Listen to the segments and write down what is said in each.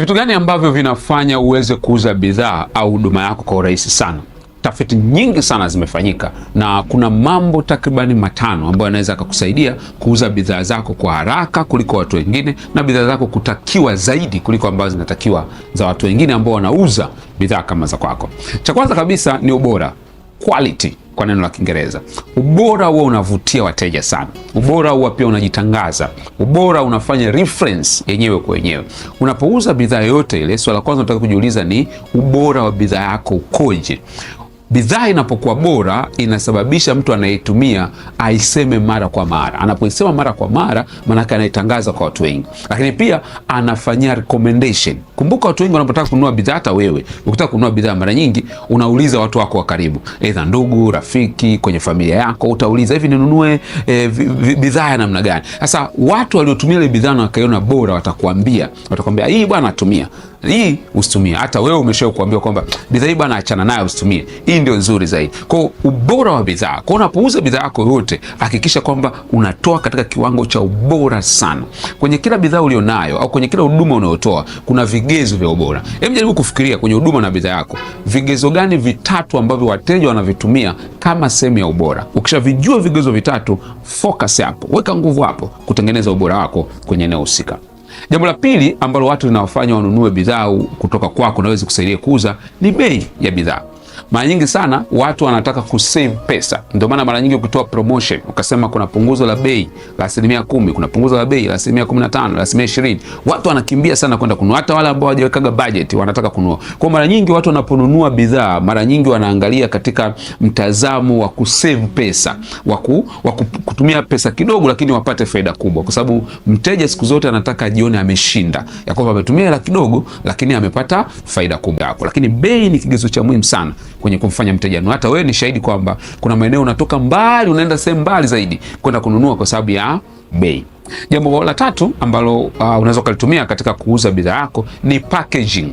Ni vitu gani ambavyo vinafanya uweze kuuza bidhaa au huduma yako kwa urahisi sana? Tafiti nyingi sana zimefanyika na kuna mambo takribani matano ambayo yanaweza akakusaidia kuuza bidhaa zako kwa haraka kuliko watu wengine na bidhaa zako kutakiwa zaidi kuliko ambazo zinatakiwa za watu wengine ambao wanauza bidhaa kama za kwako. Cha kwanza kabisa ni ubora, quality kwa neno la Kiingereza. Ubora huwa unavutia wateja sana, ubora huwa pia unajitangaza, ubora unafanya reference yenyewe kwa yenyewe. Unapouza bidhaa yoyote ile, swala la kwanza unataka kujiuliza ni ubora wa bidhaa yako ukoje? bidhaa inapokuwa bora inasababisha mtu anayetumia aiseme mara kwa mara. Anapoisema mara kwa mara, maanake anaitangaza kwa watu wengi, lakini pia anafanyia recommendation. Kumbuka watu wengi wanapotaka kununua bidhaa, hata wewe ukitaka kununua bidhaa, mara nyingi unauliza watu wako wa karibu, aidha ndugu, rafiki, kwenye familia yako, utauliza hivi, ninunue e, bidhaa ya namna gani? Sasa watu waliotumia ile bidhaa na wakaiona bora watakuambia, watakuambia hii bwana, tumia hii usitumie. Hata wewe umeshawahi kuambiwa kwamba bidhaa hii bwana, achana nayo, usitumie, hii ndio nzuri zaidi. Kwa ubora wa bidhaa, kwa unapouza bidhaa yako yote, hakikisha kwamba unatoa katika kiwango cha ubora sana. Kwenye kila bidhaa ulionayo au kwenye kila huduma unayotoa kuna vigezo vya ubora. Hebu jaribu kufikiria kwenye huduma na bidhaa yako, vigezo gani vitatu ambavyo wateja wanavitumia kama sehemu ya ubora? Ukishavijua vigezo vitatu, focus hapo, weka nguvu hapo kutengeneza ubora wako kwenye eneo husika. Jambo la pili ambalo watu linawafanya wanunue bidhaa kutoka kwako wezi kusaidia kuuza ni bei ya bidhaa. Mara nyingi sana watu wanataka kusave pesa, ndio maana mara nyingi ukitoa promotion ukasema kuna punguzo la bei la asilimia kumi, kuna punguzo la bei la asilimia kumi na tano, la asilimia ishirini, watu wanakimbia sana kwenda kununua, hata wale ambao hawajawekaga budget wanataka kununua. Kwa mara nyingi watu wanaponunua bidhaa, mara nyingi wanaangalia katika mtazamo wa kusave pesa, wa kutumia pesa kidogo, lakini wapate faida kubwa, kwa sababu mteja siku zote anataka ajione ameshinda, ya kwamba ametumia hela kidogo, lakini amepata faida kubwa yako. Lakini bei ni kigezo cha muhimu sana kwenye kumfanya mteja nu. Hata wewe ni shahidi kwamba kuna maeneo unatoka mbali, unaenda sehemu mbali zaidi kwenda kununua kwa sababu ya bei. Jambo la tatu ambalo uh, unaweza ukalitumia katika kuuza bidhaa yako ni packaging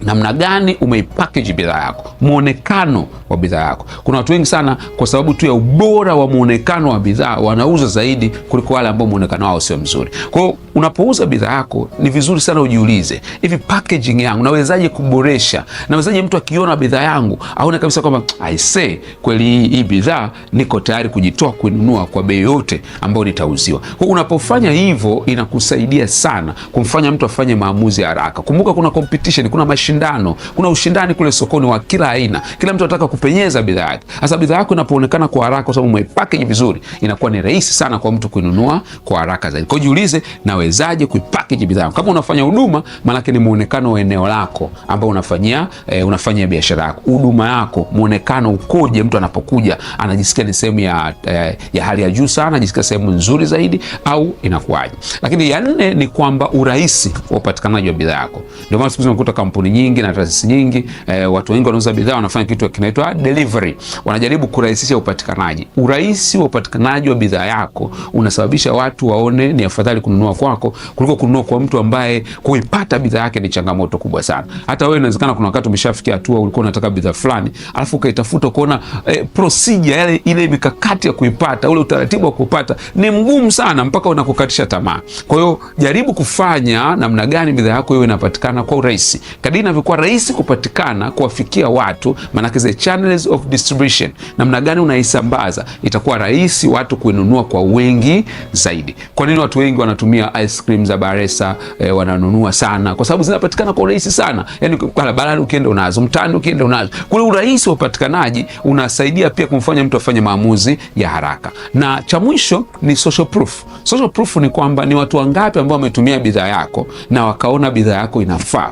namna gani umeipackage bidhaa yako, mwonekano wa bidhaa yako. Kuna watu wengi sana, kwa sababu tu ya ubora wa mwonekano wa bidhaa, wanauza zaidi kuliko wale ambao mwonekano wao sio mzuri. Kwa hiyo unapouza bidhaa yako, ni vizuri sana ujiulize, hivi packaging yangu nawezaje kuboresha? Nawezaje mtu akiona bidhaa yangu aone kabisa kwamba ah, I say kweli, hii bidhaa niko tayari kujitoa kuinunua kwa bei yote ambayo nitauziwa. Kwa unapofanya hivyo, inakusaidia sana kumfanya mtu afanye maamuzi haraka. Kumbuka kuna competition, kuna mash mashindano, kuna ushindani kule sokoni wa kila aina, kila mtu anataka kupenyeza bidhaa yake. Sasa bidhaa yako inapoonekana kwa haraka, kwa sababu umeipackage vizuri, inakuwa ni rahisi sana kwa mtu kuinunua kwa haraka zaidi. Kwa hiyo jiulize, nawezaje kuipackage bidhaa kama unafanya huduma? Maanake ni muonekano wa eneo lako ambao unafanyia e, unafanyia biashara yako, huduma yako, muonekano ukoje? Mtu anapokuja anajisikia ni sehemu ya, eh, ya hali ya juu sana, anajisikia sehemu nzuri zaidi au inakuwaje? Lakini ya nne ni kwamba urahisi wa upatikanaji wa bidhaa yako. Ndio maana siku zimekuta kampuni nyingi na taasisi nyingi e, watu wengi wanauza bidhaa wanafanya kitu kinaitwa delivery, wanajaribu kurahisisha upatikanaji. Urahisi wa upatikanaji wa bidhaa yako unasababisha watu waone ni afadhali kununua kwako kuliko kununua kwa mtu ambaye kuipata bidhaa yake ni changamoto kubwa sana. Hata wewe inawezekana kuna wakati umeshafikia hatua ulikuwa unataka bidhaa fulani, alafu ukaitafuta kuona e, eh, procedure yale ile mikakati ya kuipata, ule utaratibu wa kupata ni mgumu sana mpaka unakukatisha tamaa. Kwa hiyo jaribu kufanya namna gani bidhaa yako iwe inapatikana kwa urahisi kadiri inavyokuwa rahisi kupatikana kuwafikia watu, maanake the channels of distribution, namna gani unaisambaza itakuwa rahisi watu kuinunua kwa wengi zaidi. Kwa nini watu wengi wanatumia ice cream za Baresa eh, wananunua sana? Kwa sababu zinapatikana kwa urahisi sana, yani barabarani ukienda unazo, mtaani ukienda unazo. Kule urahisi wa upatikanaji unasaidia pia kumfanya mtu afanye maamuzi ya haraka. Na cha mwisho ni social proof. Social proof ni kwamba ni watu wangapi ambao wametumia bidhaa yako na wakaona bidhaa yako inafaa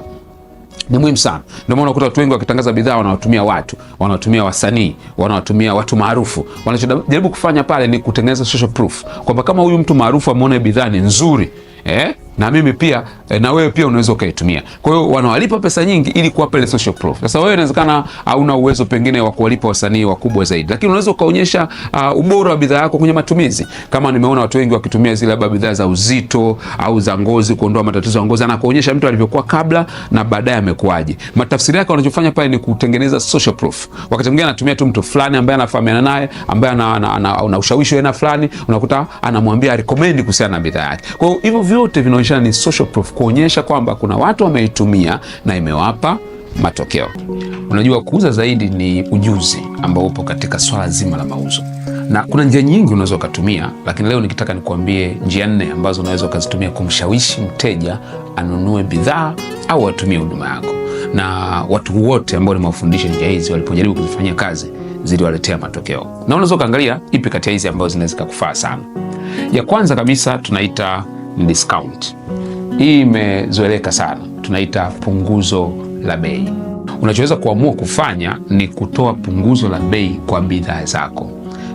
ni muhimu sana. Ndio maana unakuta watu wengi wakitangaza bidhaa wanawatumia watu, wanawatumia wasanii, wanawatumia watu maarufu. Wanachojaribu kufanya pale ni kutengeneza social proof, kwamba kama huyu mtu maarufu ameona bidhaa ni nzuri eh? na mimi pia eh, na wewe pia unaweza ukaitumia. Kwa hiyo wanawalipa pesa nyingi ili kuwapa ile social proof. Sasa wewe inawezekana ah, hauna uwezo pengine wa kuwalipa wasanii wakubwa zaidi, lakini unaweza ukaonyesha uh, ubora wa bidhaa yako kwenye matumizi. Kama nimeona watu wengi wakitumia zile labda bidhaa za uzito au za ngozi kuondoa matatizo ya ngozi, anakuonyesha mtu alivyokuwa kabla na baadaye amekuaje. Matafsiri yake wanachofanya pale ni kutengeneza social proof. Wakati mwingine anatumia tu mtu fulani ambaye anafahamiana naye, ambaye ana, ana, ana, ana ushawishi wa aina fulani, unakuta anamwambia recommend kuhusiana na bidhaa yake. Kwa hiyo hivyo vyote vina kuonyeshana ni social proof, kuonyesha kwamba kuna watu wameitumia na imewapa matokeo. Unajua, kuuza zaidi ni ujuzi ambao upo katika swala zima la mauzo, na kuna njia nyingi unaweza ukatumia, lakini leo nikitaka nikuambie njia nne ambazo unaweza ukazitumia kumshawishi mteja anunue bidhaa au atumie huduma yako, na watu wote ambao nimewafundisha njia hizi walipojaribu kuzifanyia kazi ziliwaletea matokeo, na unaweza ukaangalia ipi kati ya hizi ambazo zinaweza kukufaa sana. Ya kwanza kabisa tunaita ni discount. Hii imezoeleka sana, tunaita punguzo la bei. Unachoweza kuamua kufanya ni kutoa punguzo la bei kwa bidhaa zako.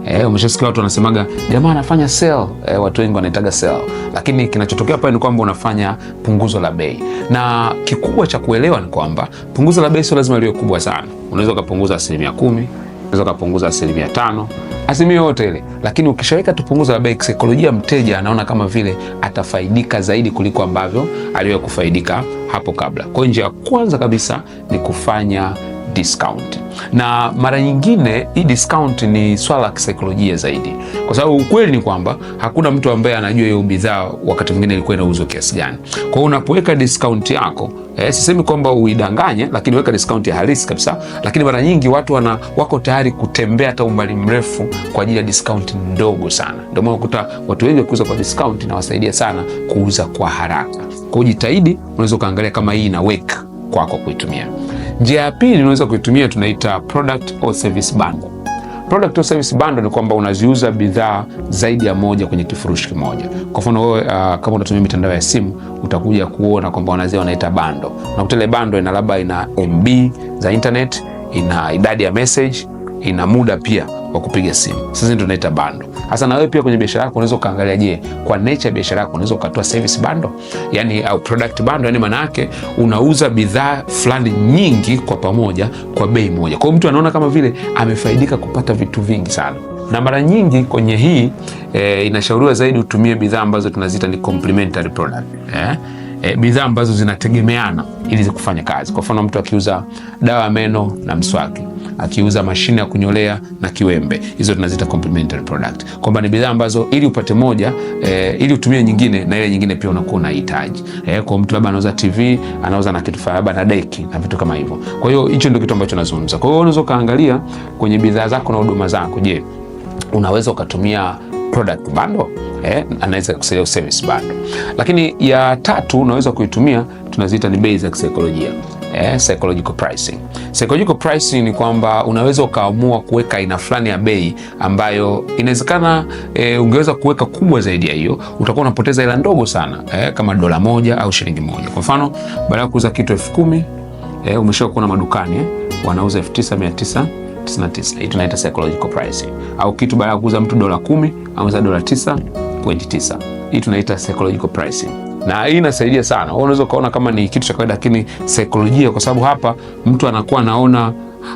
E, umeshasikia watu wanasemaga jamaa anafanya sale. E, watu wengi wanaitaga sale, lakini kinachotokea pale ni kwamba unafanya punguzo la bei, na kikubwa cha kuelewa ni kwamba punguzo la bei sio lazima liwe kubwa sana. Unaweza ukapunguza asilimia kumi, unaweza ukapunguza asilimia tano asilimia yoyote ile, lakini ukishaweka tupunguza la bei, kisaikolojia mteja anaona kama vile atafaidika zaidi kuliko ambavyo aliwahi kufaidika hapo kabla. Kwa hiyo njia ya kwanza kabisa ni kufanya discount, na mara nyingine hii discount ni swala la kisaikolojia zaidi, kwa sababu ukweli ni kwamba hakuna mtu ambaye anajua hiyo bidhaa wakati mwingine ilikuwa inauzwa kiasi gani. Kwa hiyo unapoweka discount yako eh, sisemi kwamba uidanganye, lakini weka discount ya halisi kabisa. Lakini mara nyingi watu wana, wako tayari kutembea hata umbali mrefu kwa ajili ya discount ndogo sana. Ndio maana ukuta watu wengi wakiuza kwa discount inawasaidia sana kuuza kwa haraka. Kwa hiyo jitahidi, unaweza ukaangalia kama hii inaweka kwako kwa kuitumia. Njia ya pili unaweza kuitumia tunaita product or service bundle. Product or service bundle ni kwamba unaziuza bidhaa zaidi ya moja kwenye kifurushi kimoja. Kwa mfano wewe, uh, kama unatumia mitandao ya simu utakuja kuona kwamba wanazia wanaita bando. Unakuta ile bando ina labda ina MB za internet, ina idadi ya message ina muda pia wa kupiga simu. Sasa ndio tunaita bando. Sasa na wewe pia kwenye biashara yako unaweza ukaangalia, je, kwa nature ya biashara yako unaweza ukatoa service bando, yani au product bando, yani maana yake unauza bidhaa fulani nyingi kwa pamoja kwa bei moja. Kwa hiyo mtu anaona kama vile amefaidika kupata vitu vingi sana na mara nyingi kwenye hii e, inashauriwa zaidi utumie bidhaa ambazo tunaziita ni complementary product eh? E, bidhaa ambazo zinategemeana ili zikufanya kazi. Kwa mfano mtu akiuza dawa ya meno na mswaki akiuza mashine ya kunyolea na kiwembe. Hizo tunazita complementary product, kwamba ni bidhaa ambazo ili upate moja e, ili utumie nyingine na ile nyingine pia unakuwa unahitaji e, kwa mtu labda anauza TV anauza na kitu labda na deki na vitu kama hivyo. Kwa hiyo hicho ndio kitu ambacho nazungumza. Kwa hiyo unaweza kaangalia kwenye bidhaa zako na huduma zako, je, unaweza ukatumia product bundle eh, anaweza kusema service bundle. Lakini ya tatu unaweza kuitumia tunaziita ni bei za kisaikolojia eh, psychological pricing. Psychological pricing ni kwamba unaweza ukaamua kuweka aina fulani ya bei ambayo inawezekana eh, ungeweza kuweka kubwa zaidi ya hiyo, utakuwa unapoteza hela ndogo sana eh, kama dola moja au shilingi moja. Kwa mfano, baada ya kuuza kitu elfu kumi eh, umeshaka kuona madukani eh, wanauza 9999 99. Hii tunaita psychological pricing. Au kitu baada ya kuuza mtu dola kumi, auza dola 9.9. Hii tunaita psychological pricing na hii inasaidia sana. Unaweza ukaona kama ni kitu cha kawaida, lakini saikolojia, kwa sababu hapa mtu anakuwa anaona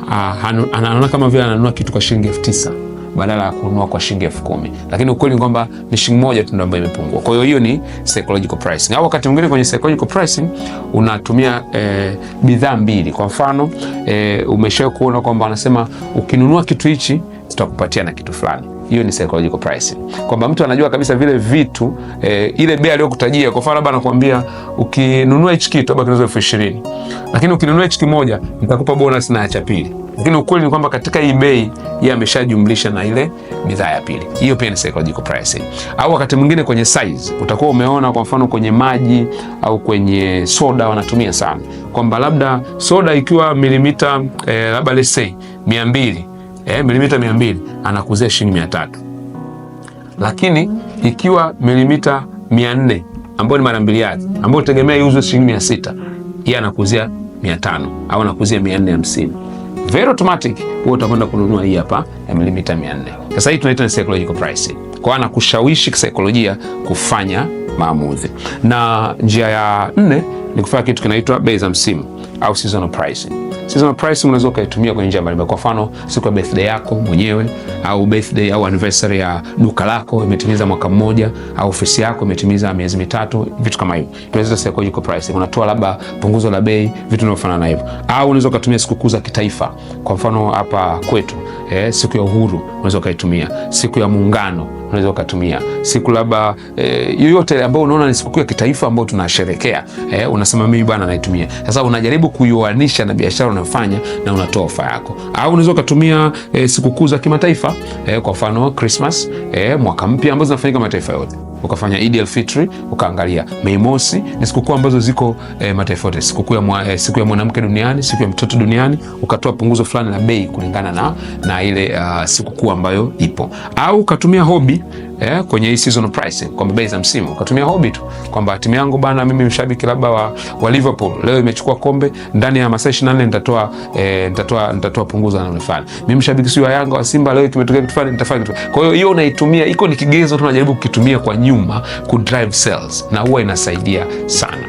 uh, anaona kama vile ananunua kitu kwa shilingi elfu tisa badala ya kununua kwa shilingi elfu kumi lakini ukweli ni kwamba ni shilingi moja tu ndio ambayo imepungua. Kwa hiyo hiyo ni psychological pricing, au wakati mwingine kwenye psychological pricing unatumia eh, bidhaa mbili. Kwa mfano eh, umeshawahi kuona kwamba anasema ukinunua kitu hichi tutakupatia na kitu fulani hiyo ni psychological pricing, kwamba mtu anajua kabisa vile vitu e, ile bei aliyokutajia. Kwa mfano, labda anakuambia ukinunua hichi kitu labda kinauza elfu ishirini lakini ukinunua hichi kimoja nitakupa bonus na cha pili, lakini ukweli ni kwamba katika hii bei yeye ameshajumlisha na ile bidhaa ya pili. Hiyo pia ni psychological pricing. Au wakati mwingine kwenye size utakuwa umeona, kwa mfano kwenye maji au kwenye soda wanatumia sana kwamba labda soda ikiwa milimita e, labda let's say mia mbili eh, milimita mia mbili anakuzia shilingi mia tatu lakini ikiwa milimita mia nne ambayo ni mara mbili yake ambayo utegemea iuzwe shilingi mia sita yeye anakuzia mia tano au anakuzia mia nne hamsini very automatic wewe utakwenda kununua hii hapa ya milimita 400. Sasa hii tunaita ni psychological pricing. Kwa anakushawishi kisaikolojia kufanya maamuzi. Na njia ya nne ni kufanya kitu kinaitwa bei za msimu au seasonal pricing. Seasonal pricing unaweza ukaitumia kwenye njia mbalimbali. Kwa mfano, siku ya birthday yako mwenyewe au birthday au anniversary ya duka lako imetimiza mwaka mmoja, au ofisi yako imetimiza miezi mitatu, vitu kama hivyo. Tunaweza psychological pricing, unatoa labda punguzo la bei, vitu vinavyofanana na hivyo. Au unaweza ukatumia sikukuu za kitaifa, kwa mfano hapa kwetu eh, siku ya uhuru unaweza ukaitumia, siku ya muungano unaweza ukatumia siku labda eh, yoyote ambayo unaona ni sikukuu ya kitaifa ambayo tunasherekea eh, unasema mimi bwana naitumia. Sasa unajaribu kuioanisha na biashara unayofanya na unatoa ofa yako, au unaweza ukatumia e, sikukuu za kimataifa eh, kwa mfano Christmas, eh, mwaka mpya ambazo zinafanyika mataifa yote ukafanya Eid al ukaangalia Mei Mosi ni sikukuu ambazo ziko eh, mataifa yote, siku ya eh, siku ya mwanamke duniani, siku ya mtoto duniani, ukatoa punguzo fulani la bei kulingana na, na ile uh, ah, sikukuu ambayo ipo, au ukatumia hobi yeah, kwenye hii season pricing kwamba bei za msimu ukatumia hobi tu kwamba timu yangu bana, mimi mshabiki labda wa, wa Liverpool leo imechukua kombe, ndani ya masaa 24 nitatoa eh, nitatoa nitatoa punguzo na nifanye mimi mshabiki sio wa Yanga wa Simba, leo kimetokea kitu fulani nitafanya kitu. Kwa hiyo hiyo unaitumia, iko ni kigezo unajaribu kukitumia kwa nyuma ku drive sales na huwa inasaidia sana.